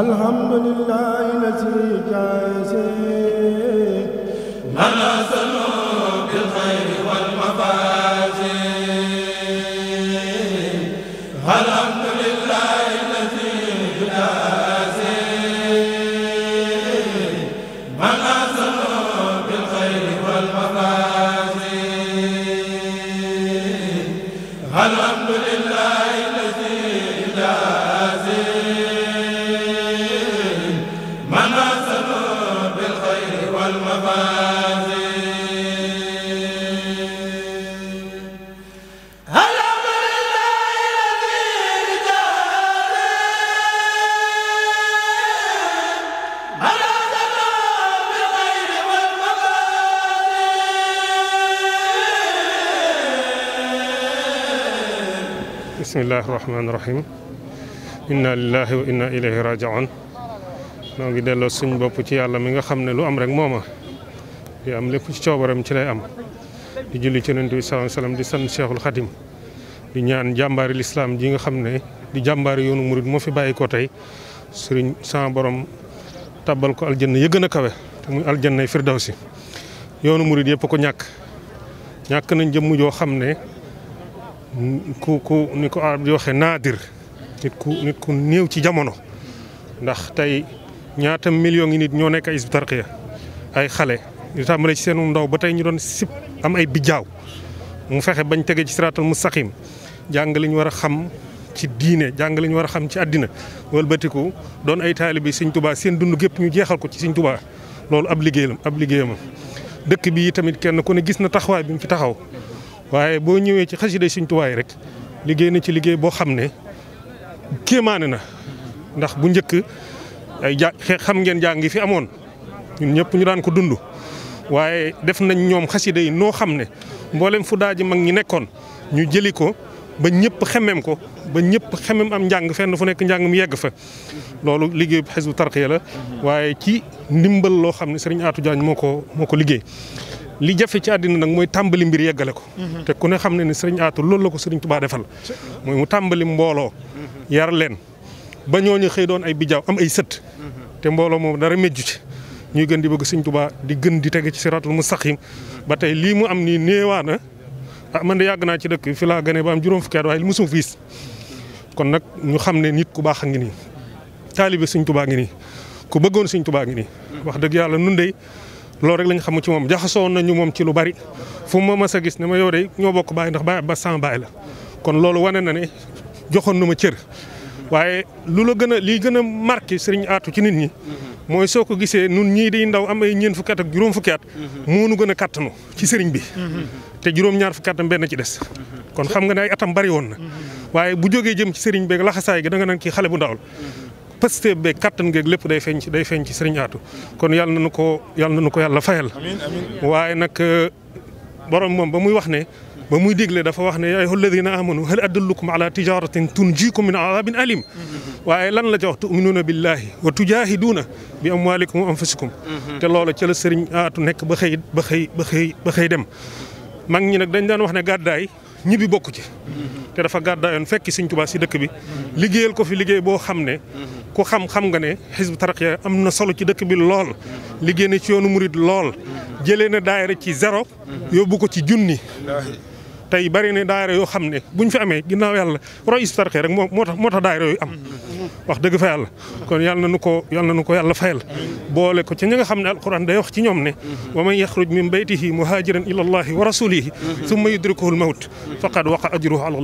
الحمد لله الذي جازي لنا سلوك بالخير والمفازي هل أنت bismillahi rahmaani rahim inna lillahi wa inna ilayhi rajiun noo ngi delloo suñ bopp ci yàlla mi nga xam ne lu am rek mooma di am lépp ci coobaram ci lay am di julli ci yonent bi sallallahu alayhi di sant Cheikhul Khadim di ñaan jàmbaari lislaam ji nga xam ne di jàmbaari yoonu murid moo fi bàyyi ko tey sëriñ sama borom tàbbal ko aljanna ya gën a kawe te muy aljannay firdawsi yoonu murid yëpp ko ñàkk ñàkk nañ jëmm joo xam ne ku ku ni ko arab di waxee naadir nit ku nit ku néew ci jamono ndax tey ñaata million yi nit ñoo nekk ay Hizbut Tarqiyyah ay xale di tàmbale ci seenu ndaw ba tey ñu doon sipp am ay bijjaaw mu fexe bañ tege ci siraatal mustaqim jàng li ñu war a xam ci diine jàng li ñu war a xam ci àddina walbatiku doon ay taalibi Sëñ Tuubaa seen dund gépp ñu jeexal ko ci Sëñ Tuubaa loolu ab liggéeyam ab liggéeyam dëkk bi tamit kenn ku ne gis na taxawaay bi mu fi taxaw waaye boo ñëwee ci xasida Sëñ Tuubaa rek liggéey na ci liggéey boo xam ne kéemaane na ndax bu njëkk ay xam ngeen jàng ngi fi amoon ñun ñëpp ñu daan ko dund. waaye def nañ ñoom xasida yi noo xam ne mboolem fu daaji mag ñi nekkoon ñu jëli ko ba ñëpp xemem ko ba ñëpp xemem am njàng fenn fu nekk njàng mu yegg fa loolu liggéey bu Hizbut Tarqiyyah la mm-hmm. waaye ci ndimbal loo xam ne Serigne Atou Diagne moo ko moo ko liggéey li jafe ci àddina nag mooy tàmbali mbir yeggale ko. Mhm. te ku ne xam ne ni sëriñ Atou loolu la ko sëriñ Touba defal. mooy mu tàmbali mbooloo. Mhm. yar leen ba ñooñu xëy doon ay bijaaw am ay sët. Mhm. te mbooloo moom dara mejju ci. ñuy gën di bëgg sëriñ Touba di gën di tege ci siraatul mustaqim ba tey lii mu am nii néewaana ah man de yàgg naa ci dëkk fi laa gane ba am juróom fukki at waaye li mosum fiis kon nag ñu xam ne nit ku baax a ngi nii. taalibe sëriñ Touba ngi nii ku bëggoon sëriñ Touba ngi nii. dëgg yàlla nun loolu rek lañ xam ci moom jaxasoo nañu moom ci lu bari fu ma mës a gis ne ma yow de ñoo bokk baay ndax baay ba sans baay la kon loolu wane na ne joxoon na ma cër waaye lu la gën a lii gën a marqué sëriñ atu ci nit ñi mooy soo ko gisee nun ñii di ndaw am ay ñeent fukki at ak juróom fukki at moo nu gën a kàttanu ci sëriñ bi te juróom ñaar fukki atam benn ci des kon xam nga ne ay atam bari woon na waaye bu jógee jëm ci sëriñ beeg laxasaay gi da nga naan kii xale bu ndaw pëste beeg kattan geeg lépp day feeñ ci ci sëriñ Atou kon yàlla na nu ko yàlla na nu ko yàlla fayal. waaye nag euh, borom moom ba muy wax ne. ba muy digle dafa wax ne yaa ayyuha alladina amanu hal adullukum ala tijaratin tunjikum min adabin alim waaye lan la ca wax tuminuuna billahi wa tujahiduuna bi amwalikum wa anfusikum mhm. te loola ca sëriñ Atou nekk ba xëy ba xëy ba xëy ba xëy dem mag ñi nag dañ daan wax ne gàddaay ñibbi bokku ci mhm. te dafa gàddaayoon fekki sëriñ Tuubaa si dëkk bi mhm. liggéeyal ko fi liggéey boo xam ne ku xam xam nga ne xisbu tarqiya am na solo ci dëkk bi lool liggéey na ci yoonu murit lool jëlee na daayira ci zéro yóbbu ko ci junni tey bari na daayira yoo xam ne buñ fi amee ginnaaw yàlla roy xisbu tarqiya rek moo tax moo tax daayira yooyu am wax dëgg fa yàlla kon yàlla na nu ko yàlla na nu ko yàlla fayal boole ko ci ñi nga xam ne alquran day wax ci ñoom ne wa man yaxruj min baytihi muhajiran ila allahi wa rasulihi summa yudrikuhu al mawt faqad waqa ajruhu ala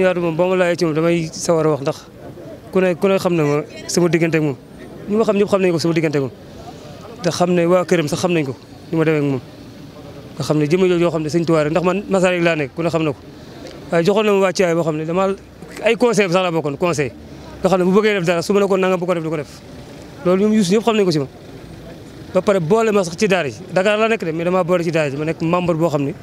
suñu aatu moom boo ma laajee ci moom damay sawar a wax ndax ku ne ku ne xam na ma sama diggante ak moom ñi ma xam ñëpp xam nañ ko sama diggante ak moom te xam ne waa këram sax xam nañ ko ni ma demee ak moom nga xam ne jëmm jooju yoo xam ne sëñ Tuubaa rek ndax man Masaalik laa nekk ku ne xam na ko waaye joxoon na ma waa Thiaw boo xam ne dama ay conseil bi sax laa bokkoon conseil nga xam ne ko def loolu ñoom Youssou ñëpp xam nañ ko si ma ba pare boole ma sax ci daara Dakar laa nekk de mais damaa boole ci daara ma nekk membre boo xam ne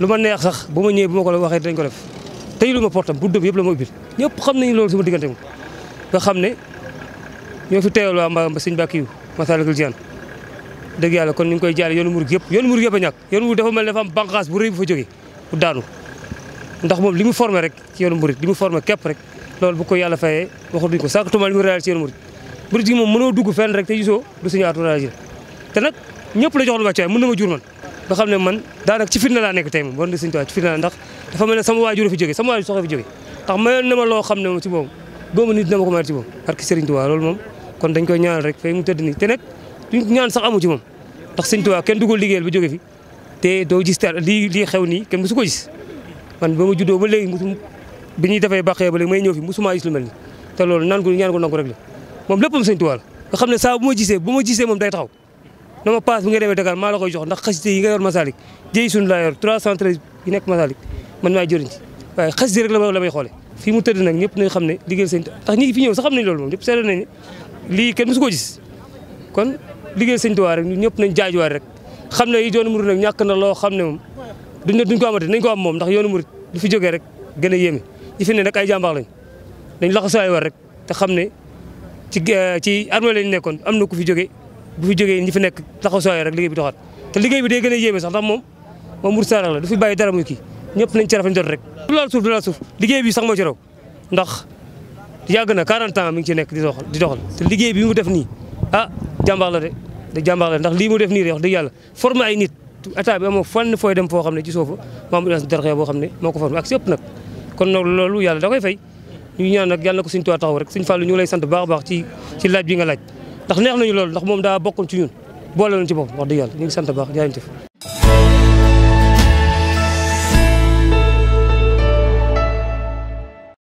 lu ma neex sax bu ma ñëwee bu ma ko la waxee dañ ko def tëjlu ma portam bu dëb yëpp la ma ubbil ñëpp xam nañu loolu sama diggante moom nga xam ne ñoo fi teewal waa mba sëñ Mbàkke yu Masaalikul Jinaan dëgg yàlla kon ñu ngi koy jaale yoonu murid yëpp yoonu murid yëpp a ñàkk yoonu murid dafa mel dafa am bànqaas bu rëy bu fa jógee bu daanu ndax moom li mu formé rek ci yoonu murid li mu formé képp rek loolu bu ko yàlla fayee waxu duñ ko sànq tumal li mu réalisé ci yoonu murid murid gi moom mënoo dugg fen rek te gisoo du suñu aatu ñëpp la jox lu wàccaay mën na ma jur nga xam ne man daanaka ci fitna laa nekk tey moom war na Sëñ Tuubaa ci ndax dafa mel sama waajur fi jóge sama waajur soxla fi jóge ndax mayoon na ma loo xam ne moom ci boobu boobu nit na ma ko mayal ci boobu barke Sëriñ Tuubaa loolu moom kon dañ koy ñaanal rek fay mu tëdd ni te moom ndax ba jóge te doo gis te lii lii xew nii kenn musu ko gis man ba ma juddoo ba léegi musu bi ñuy defee ba léegi may ñëw fi musumaa gis lu mel te loolu naan ko ñaan ko nangu rek la moom léppam Sëñ Tuubaa xam ne saa bu ma gisee bu ma gisee moom day taxaw na ma paas bu nga demee Dakar maa la koy jox ndax xasité yi nga Masalik jëy suñu laa yor 313 yi nekk Masalik man maay jëriñ ci waaye xasité rek la la may xoole fii mu tëdd nag ñëpp nañ xam ne liggéeyal sëñ ndax ñi fi ñëw sax xam nañ loolu moom ñëpp seetlu nañ lii kenn mosu koo gis rek ñëpp nañ jaajuwaar rek xam ne yi yoonu murid nag ñàkk na loo xam ne moom duñ duñ ko amate nañ ko am moom ndax yoonu murid du fi jógee rek gën a yéeme ñi fi ne nag ay jàmbaar lañ dañ laxasaay war rek te xam ne ci eh, ci armée lañ nekkoon am na ku fi jóge bu fi jógee ñi fi nekk taxaw sooyee rek liggéey bi doxaat te liggéey bi day gën a yéeme sax ndax moom moom Mourou Sarr la du fi bàyyi dara muy kii ñëpp nañ ci du laal suuf liggéey bi sax moo ci raw ndax yàgg na 40 ans mi ngi ci nekk di doxal di doxal te liggéey bi mu def nii a ah, jàmbaar la de de jàmbaar ndax lii mu def nii de wax dëgg yàlla formé ay nit état bi amoo fan fooy dem foo xam ne ci suufa maam Ilaas Darxee boo xam ne moo ko formé ak sëpp nag kon nag loolu yàlla da koy fay ñu ñaan nag yàlla na ko suñu tuwaa rek suñu fàllu ñu ngi lay sant bu baax a baax laaj bi nga laaj ndax neex nañu loolu ndax moom daa bokkoon ci ñun boole nañu ci boppam wax dëgg yàlla ñu ngi sant baax jaay